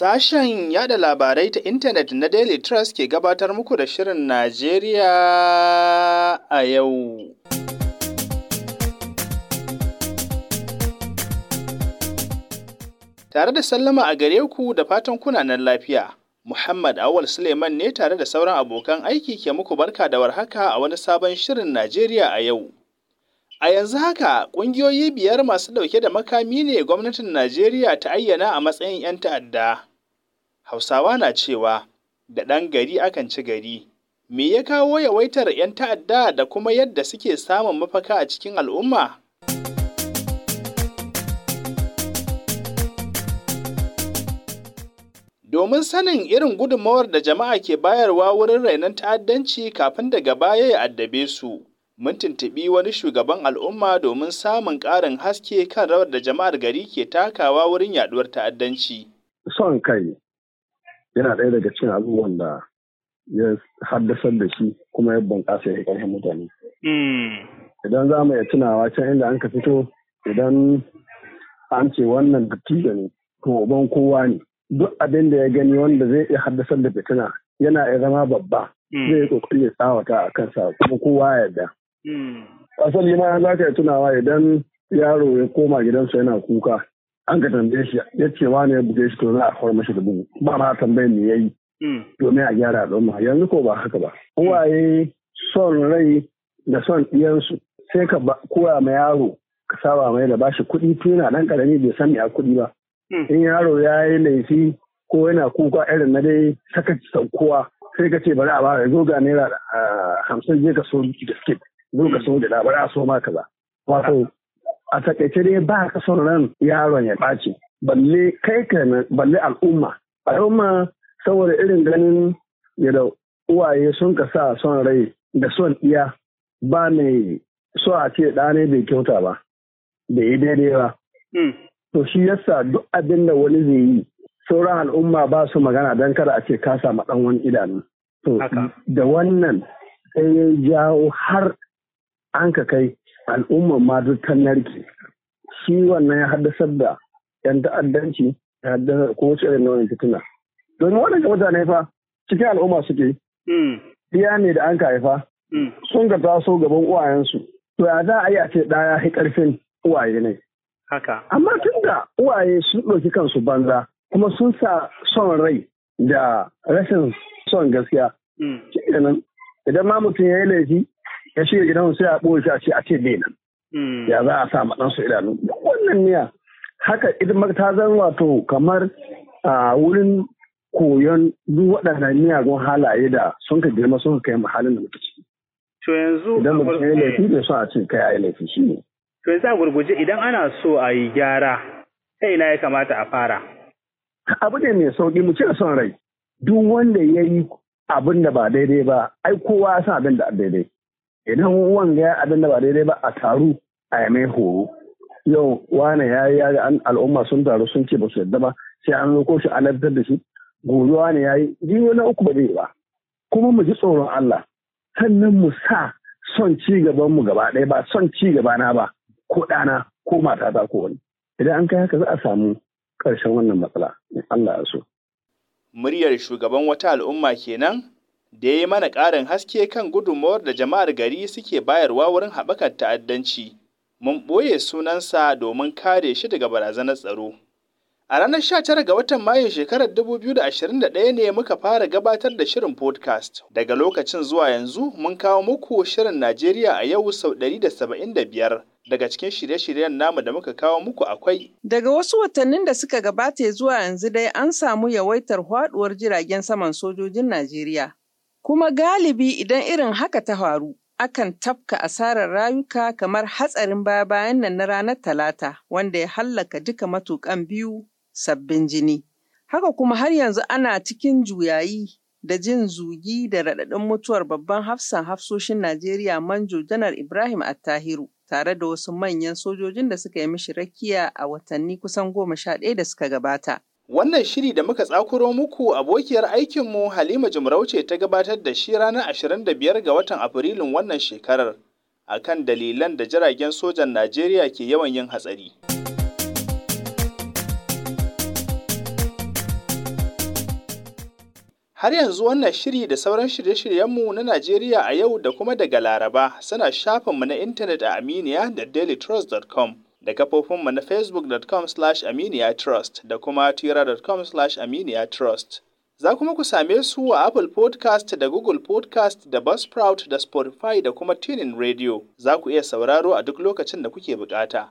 Sashen yada labarai ta intanet na Daily Trust ke gabatar muku da Shirin Najeriya a yau. Tare da sallama a gare ku da fatan kunanan lafiya, Muhammad Awal Suleiman ne tare da sauran abokan aiki ke muku barka da warhaka a wani sabon Shirin Najeriya a yau. A yanzu haka, ƙungiyoyi biyar masu ɗauke da makami ne gwamnatin Najeriya ta ayyana a matsayin 'yan ta'adda. Hausawa na cewa da ɗan gari akan ci gari. Me ya kawo yawaitar 'yan ta'adda da kuma yadda suke samun mafaka a cikin al'umma? Domin sanin irin gudunmawar da jama'a ke bayarwa wurin rainon ta'addanci kafin daga baya ya addabe su, mun tuntuɓi wani shugaban al'umma domin samun ƙarin haske kan rawar da jama'ar gari ke takawa wurin yaɗuwar ta'addanci. Son kai yana ɗaya daga cikin abubuwan da ya haddasar da shi kuma ya bunƙasa ya ƙarfin mutane. Hmm. Idan za mu iya tunawa can inda an ka fito idan an ce wannan dattijo ne to uban kowa ne duk abin da ya gani wanda zai iya haddasar da fitina yana iya zama babba hmm. zai kokari ya tsawata a kansa kuma kowa ya yarda. Hmm. Asali ma za ka iya tunawa idan yaro ya koma gidansa yana kuka an ka tambaye shi ya ce wani ya buge shi to za a kawar mashi da bugu ba ma tambayin me yayi hmm. domin a gyara al'umma yanzu ko ba haka ba uwaye son rai da son ɗiyansu sai ka koya ma yaro ka saba mai da bashi kuɗi tun yana ɗan ƙarami bai san a kuɗi ba hmm. in yaro ya yi laifi ko yana kuka irin na dai saka saukowa sai ka ce bari a ba zo ga naira ah, hamsin je ka so biskit zo ka hmm. so da bari a so ma kaza wato a takaice dai ba ka son ran yaron ya ɓaci balle kai ka balle al'umma al'umma saboda irin ganin da uwaye sun ka sa son rai da son iya ba mai so a ce ɗane bai kyauta ba da yi daidai ba hmm. to shi yasa duk abin da wani zai yi sauran al'umma ba su magana don kada a ce ka samu ɗan wani idanu to da wannan sai ya jawo har an ka kai al'ummar ma duk ta narke shi wannan ya haddasar da yan ta'addanci ya haddasa ko wace irin nauyin fitina domin waɗanda mutane fa cikin al'umma suke hmm. iya ne da an haifa hmm. sun ga taso gaban uwayensu to ya za a yi a ce ɗaya ya karfin uwaye ne haka amma tun da uwaye sun ɗauki kansu banza kuma sun sa son rai da rashin son gaskiya hmm. idan ma mutum ya yi laifi ya shiga gidan sai a ɓoye sai a ce a ce bai nan hmm. ya za a sa su idanu wannan miya haka ita ta zan wato kamar a wurin koyon duk waɗannan miyagun halaye da sun ka girma sun kai halin da muke ciki. To yanzu idan mutum ya laifi bai so a ce kai ya laifi shi ne. To yanzu a gurguje idan ana so a yi gyara ta ina ya kamata a fara. Abu ne mai sauƙi mu a son rai duk wanda ya yi abin da ba daidai ba ai kowa ya san abin da daidai. idan wanga ya abin da ba daidai ba a taru a yamai horo yau wane ya yi yaga an al'umma sun taru sun ce ba su yadda ba sai an roko shi alartar da shi gobe wane ya yi jiyo na uku ba zai ba kuma mu ji tsoron Allah sannan mu sa son ci gaban mu gaba ɗaya ba son ci gaba na ba ko ɗana ko matata ko wani idan an kai haka za a samu ƙarshen wannan matsala in Allah ya so muryar shugaban wata al'umma kenan da ya yi mana ƙarin haske kan gudunmawar da jama'ar gari suke bayarwa wurin haɓakar ta'addanci. Mun ɓoye sunansa domin kare shi daga barazanar tsaro. A ranar sha tara ga watan Mayu shekarar da da ɗaya ne muka fara gabatar da shirin podcast. Daga lokacin zuwa yanzu mun kawo muku shirin Najeriya a yau sau ɗari da da saba'in biyar. daga cikin shirye-shiryen namu da muka kawo muku akwai. Daga wasu watannin da suka gabata zuwa yanzu dai an samu yawaitar haɗuwar jiragen saman sojojin Najeriya. Kuma galibi idan irin haka ta faru, akan tafka asarar rayuka kamar hatsarin baya-bayan nan na ranar Talata wanda ya hallaka duka matuƙan biyu sabbin jini. Haka kuma har yanzu ana cikin juyayi da jin zugi da raɗaɗin mutuwar babban hafsan hafsoshin Najeriya Manjo Janar Ibrahim Attahiru tare da wasu manyan sojojin da suka yi mishi rakiya a watanni kusan goma sha ɗaya da suka gabata. Wannan shiri da muka tsakuro muku abokiyar aikinmu Halima Jimarauce ta gabatar da shi ranar 25 ga watan Afrilun wannan shekarar a kan dalilan da jiragen sojan Najeriya ke yawan yin hatsari. Har yanzu wannan shiri da sauran shirye-shiryenmu na Najeriya a yau da kuma daga Laraba suna shafinmu na intanet a aminiya da dailytrust.com. da kafofinmu na facebook.com slash aminiyatrust da kuma twitter.com slash aminiyatrust. Za kuma ku same su a Apple podcast da Google podcast da Buzzsprout da Spotify da kuma TuneIn Radio. Za ku iya sauraro a duk lokacin da kuke bukata.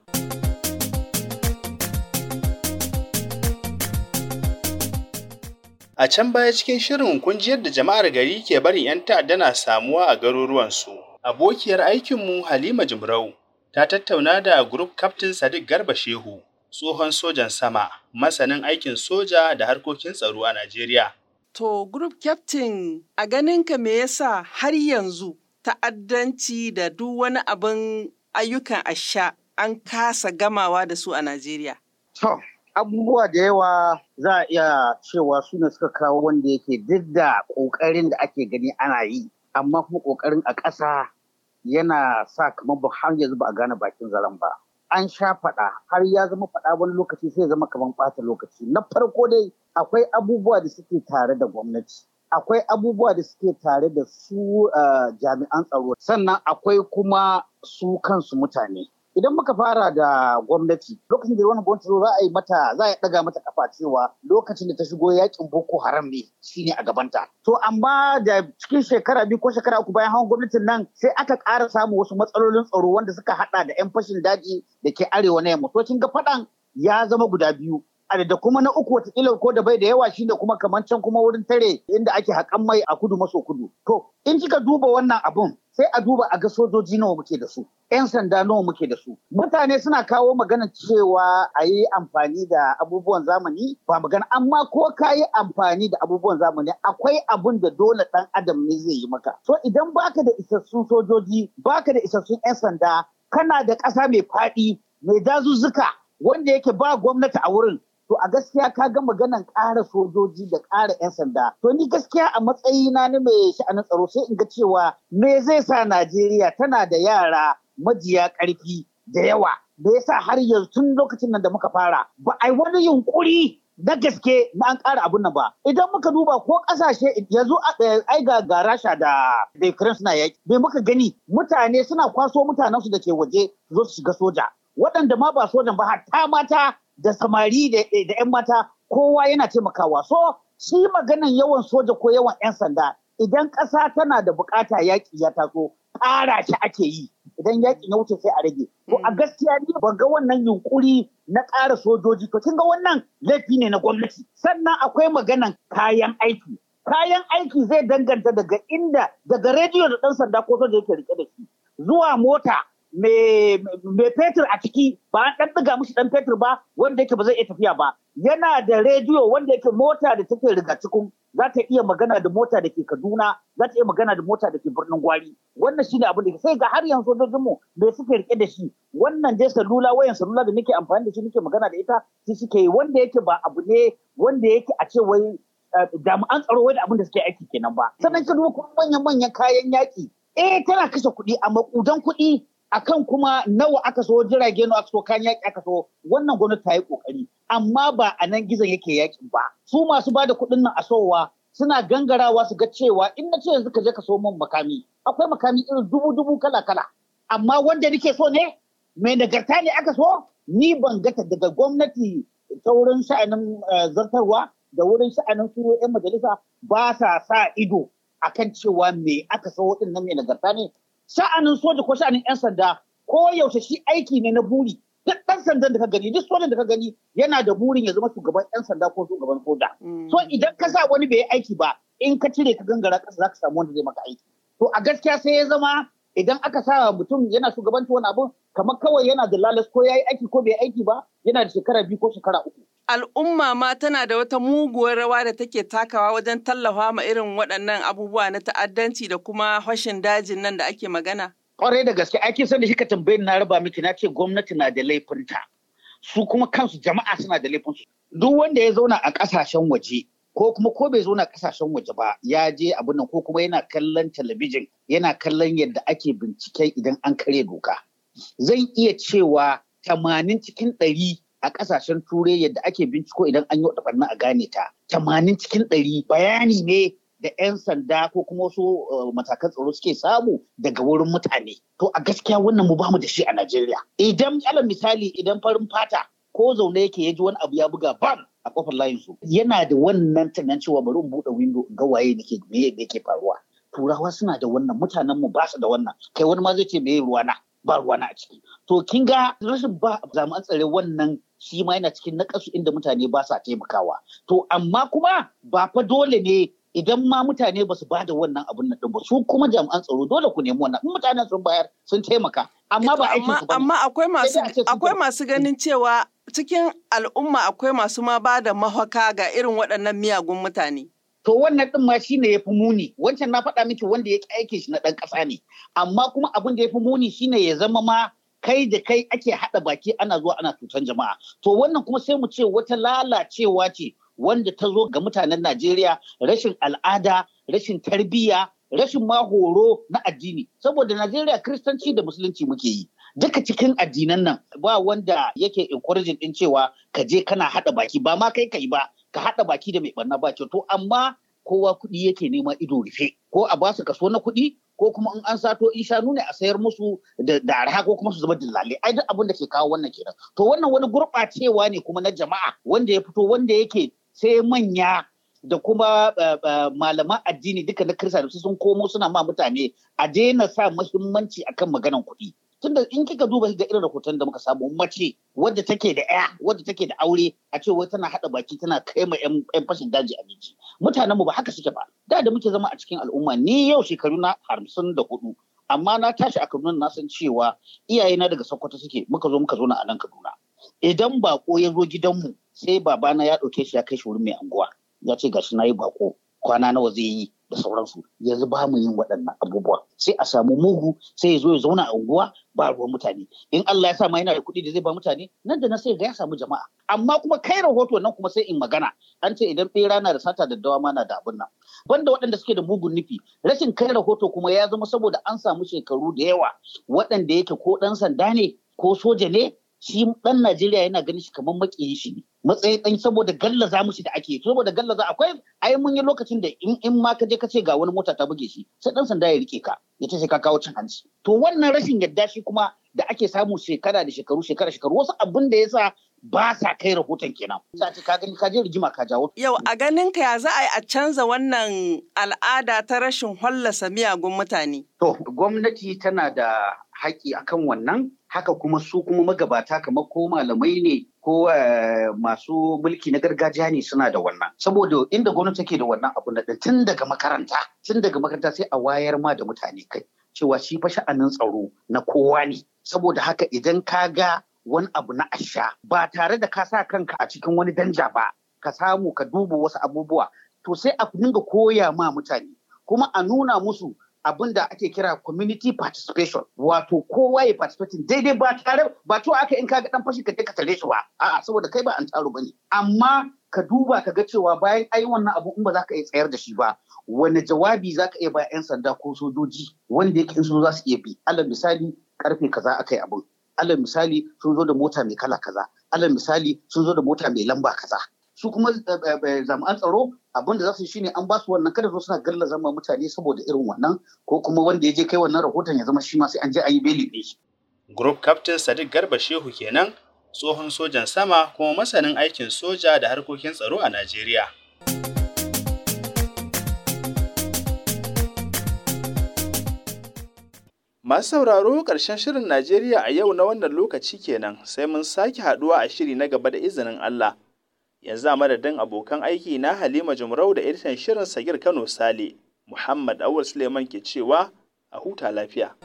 A can baya cikin shirin kun ji yadda jama'ar gari ke barin 'yan ta'adda na samuwa a garuruwansu. Abokiyar aikinmu Halima Jimrau ta tattauna da Group Captain Sadiq Garba Shehu, tsohon sojan sama, masanin aikin soja da harkokin tsaro a Najeriya. To, Group Captain, a ganinka me yasa har yanzu ta'addanci da duk wani abin ayyukan asha an kasa gamawa da su a Najeriya? To, abubuwa da yawa za a iya cewa su ne suka kawo wanda yake duk da ƙoƙarin da ake gani ana yi, amma kuma ƙoƙarin a ƙasa yana sa kamar ba har yanzu ba a gane bakin zaren ba an sha faɗa har ya zama faɗa wani lokaci sai zama kamar ɓata lokaci na farko dai akwai abubuwa da suke tare da gwamnati akwai abubuwa da suke tare da su eh, jami'an tsaro sannan akwai kuma su kansu mutane idan muka fara da gwamnati lokacin da wani gwamnati za a yi mata za a daga mata kafa cewa lokacin da ta shigo yakin boko haram ne shine a gabanta to amma da cikin shekara biyu ko shekara uku bayan hawan gwamnatin nan sai aka ƙara samun wasu matsalolin tsaro wanda suka hada da yan fashin daji da ke arewa na yamma to kin ga faɗan ya zama guda biyu da kuma na uku watakila ko da bai da yawa shine kuma kamar can kuma wurin tare inda ake haƙan mai a kudu maso kudu to in kika duba wannan abun sai a duba a ga sojoji nawa muke da su yan sanda nawa muke da su mutane suna kawo magana cewa a yi amfani da abubuwan zamani ba magana amma ko ka yi amfani da abubuwan zamani akwai abun da dole ɗan adam ne zai yi maka so idan baka da isassun sojoji baka da isassun yan sanda kana da ƙasa mai faɗi mai dazuzzuka wanda yake ba gwamnati a wurin To a gaskiya ka ga maganan ƙara sojoji da ƙara 'yan sanda. To ni gaskiya a matsayina na mai sha'anin tsaro sai in ga cewa me zai sa Najeriya tana da yara majiya ƙarfi da yawa. Me ya sa har yanzu tun lokacin nan da muka fara ba a yi wani yunƙuri na gaske na an ƙara abun nan ba idan muka duba ko ƙasashe yanzu eh, ai ga ga rasha da da ukraine suna yaki. Me muka gani mutane suna kwaso mutanensu da ke waje zo su shiga soja waɗanda ma ba sojan ba hatta mata da samari da 'yan eh, mata kowa yana taimakawa so shi maganan yawan soja ko yawan 'yan sanda idan ƙasa tana da bukata yaƙi ya taso ƙara shi ake yi idan yaƙi na wuce sai a rage to a mm. gaskiya ne ban ga wannan yunkuri na ƙara sojoji to kin ga wannan laifi ne na gwamnati sannan akwai maganan kayan aiki kayan aiki zai danganta daga inda daga rediyo da ɗan sanda ko soja yake rike da shi zuwa mota mai fetur a ciki ba an ɗan ɗiga mishi ɗan fetur ba wanda yake ba zai iya tafiya ba yana da rediyo wanda yake mota da take riga cikin za ta iya magana da mota da ke Kaduna za ta iya magana da mota da ke birnin Gwari wannan shine abin da sai ga har yanzu sojojin mu me suke rike da shi wannan dai salula wayan salula da nake amfani da shi nake magana da ita shi suke yi. wanda yake ba abu ne wanda yake a ce wai eh, jami'an tsaro wai da abin da suke aiki kenan ba sannan ka duba kuma manyan manyan kayan yaki eh tana kashe kuɗi amma kudan kuɗi akan kuma nawa aka so jirage nawa aka so kan yaki aka so wannan gwamnati ta yi ƙoƙari amma ba a nan gizon yake yaƙin ba su masu bada da kuɗin nan a sowa suna gangarawa su ga cewa in na ce yanzu ka je ka so min makami akwai makami irin dubu dubu kala kala amma wanda nake so ne mai nagarta ne aka so ni ban ga ta daga gwamnati ta wurin sha'anin eh, zartarwa da wurin sha'anin su 'yan majalisa ba sa sa ido akan cewa me aka so din nan mai nagarta ne sha'anin soja ko sha'anin 'yan sanda ko yaushe shi aiki ne na buri duk ɗan sandan da ka gani duk sojan da ka gani yana da burin ya zama shugaban 'yan sanda ko shugaban soja mm. so idan ka sa wani bai yi aiki ba in ka cire ka gangara ƙasa za ka samu wanda zai maka aiki to a gaskiya sai ya zama idan aka sa mutum yana shugabanci wani abu kamar kawai yana da lalas ko ya yi aiki ko bai aiki ba yana da shekara biyu ko shekara uku. Al'umma ma tana da wata muguwar rawa da take takawa wajen tallafa ma irin waɗannan abubuwa na ta'addanci da kuma hashin dajin nan da ake magana. Kwarai da gaske ake sanda shi ka tambayi na raba miki na ce gwamnati na da laifinta. Su kuma kansu jama'a suna da laifinsu. Duk wanda ya zauna a ƙasashen waje ko kuma ko bai zo na kasashen waje ba ya je abin nan ko kuma yana kallon talabijin yana kallon yadda ake bincike idan an kare doka zan iya cewa tamanin cikin ɗari a kasashen turai yadda ake binciko idan an yi waɗannan a gane ta tamanin cikin ɗari bayani ne da 'yan sanda ko kuma wasu eh, matakan tsaro suke samu daga wurin mutane to a gaskiya wannan mu bamu da shi a najeriya idan alal misali idan farin fata ko zaune yake ya ji wani abu ya buga bam a kofar layin su yana da wannan tunanin cewa bari in buɗe window in ga waye nake me yake faruwa turawa suna da wannan mutanen mu ba su da wannan kai wani ma zai ce me ruwana ba ruwana a ciki to kin ga rashin ba jami'an tsare wannan shi ma yana cikin nakasu inda mutane ba sa taimakawa to amma kuma ba fa dole ne idan ma mutane ba su ba da wannan abun nan ba su kuma jami'an tsaro dole ku nemi wannan mutanen sun bayar sun taimaka amma ba aikin su ba amma akwai masu akwai masu ganin cewa cikin al'umma akwai masu ma ba da mahaka ga irin waɗannan miyagun mutane. To wannan ɗin ma shi ne ya fi muni, wancan na faɗa miki wanda ya ƙi aiki shi na ɗan ƙasa ne, amma kuma abin da ya fi muni shi ne ya zama ma kai da kai ake haɗa baki ana zuwa ana cutan jama'a. To wannan kuma sai mu ce wata lalacewa ce wanda ta zo ga mutanen Najeriya rashin al'ada, rashin tarbiyya, rashin ma horo na addini. Saboda Najeriya Kiristanci da Musulunci muke yi. duka cikin addinan nan ba wanda yake encouraging din cewa ka je kana haɗa baki ba ma kai kai ba ka haɗa baki da mai barna ba ce to amma kowa kuɗi yake nema ido rufe ko a basu kaso na kuɗi ko kuma in an sato in shanu ne a sayar musu da arha ko kuma su zama dillale ai duk abin da ke kawo wannan kenan to wannan wani gurɓacewa ne kuma na jama'a wanda ya fito wanda yake sai manya da kuma eh, eh, malaman addini duka na da su sun komo suna ma mutane a daina sa muhimmanci akan maganan kuɗi tunda in kika duba ga irin rahoton da muka samu mace wadda take da ya wadda take da aure a ce wai tana haɗa baki tana kai ma yan fashin daji abinci mutanen mu ba haka suke ba da da muke zama a cikin al'umma ni yau shekaru na hamsin da hudu amma na tashi a Kaduna na san cewa iyayena daga Sokoto suke muka zo muka zo na a nan Kaduna idan bako ya zo gidanmu sai babana ya ɗauke shi ya kai shi wurin mai anguwa ya ce gashi na yi bako kwana nawa zai yi da sauransu yanzu ba mu yin waɗannan abubuwa sai a samu mugu sai ya zo ya zauna a unguwa ba ruwan mutane in Allah ya sa ma yana da kuɗi da zai ba mutane nan da nan sai ga ya samu jama'a amma kuma kai rahoto nan kuma sai in magana an ce idan ɓera na da sata da dawa ma na da abin nan banda waɗanda suke da mugun nufi rashin kai rahoto kuma ya zama saboda an samu shekaru da yawa waɗanda yake ko ɗan sanda ne ko soja ne shi ɗan Najeriya yana ganin shi kamar maƙiyin shi ne matsayi ɗan saboda galla gallaza musu da ake saboda galla za akwai ai mun yi lokacin da in ma ka je ka ce ga wani mota ta buge shi sai ɗan sanda ya rike ka ya ce sai ka kawo cin hanci to wannan rashin yadda shi kuma da ake samu shekara da shekaru shekara shekaru wasu abin da yasa ba sa kai rahoton kenan sa ce ka gani ka je rigima ka jawo yau a ganin ka ya za a yi a canza wannan al'ada ta rashin hollasa miyagun mutane to gwamnati tana da haƙƙi akan wannan haka kuma su kuma magabata kamar ko malamai ne ko eh, masu mulki na gargajiya ne suna da wannan saboda inda gwamnati take da wannan abu na tun daga makaranta tun daga makaranta sai a wayar ma da mutane kai cewa shi fa sha'anin tsaro na kowa ne saboda haka idan ka ga wani abu na asha ba tare da ka sa kanka a cikin wani danja ba ka samu ka duba wasu abubuwa to sai a dinga koya ma mutane kuma a nuna musu abin da ake kira community participation wato kowa ya participating daidai ba tare ba to aka in kaga dan fashi ka je ka tare shi ba a'a saboda kai ba an tsaro bane amma ka duba ka ga cewa bayan ai wannan abu in ba za ka iya tsayar da shi ba wani jawabi za ka iya ba 'yan sanda ko sojoji wanda yake in sun za su iya bi alal misali karfe kaza aka yi abin alal misali sun zo da mota mai kala kaza alal misali sun zo da mota mai lamba kaza su kuma eh, eh, eh, jami'an tsaro abin da za su yi shine an ba su wannan kada zo suna galla zama mutane saboda irin wannan ko kuma wanda ya je kai wannan rahoton ya zama shi ma sai an je an yi beli ɗin Group Captain Sadiq Garba Shehu kenan tsohon sojan sama kuma masanin aikin soja da harkokin tsaro a Najeriya. Masu sauraro ƙarshen shirin Najeriya a yau na wannan lokaci kenan sai mun sake haɗuwa a shiri na gaba da izinin Allah. yanzu a madadin abokan aiki na Halima Jumrau da editan shirin Sagir Kano Sale Muhammad Awul Suleiman ke cewa a huta lafiya.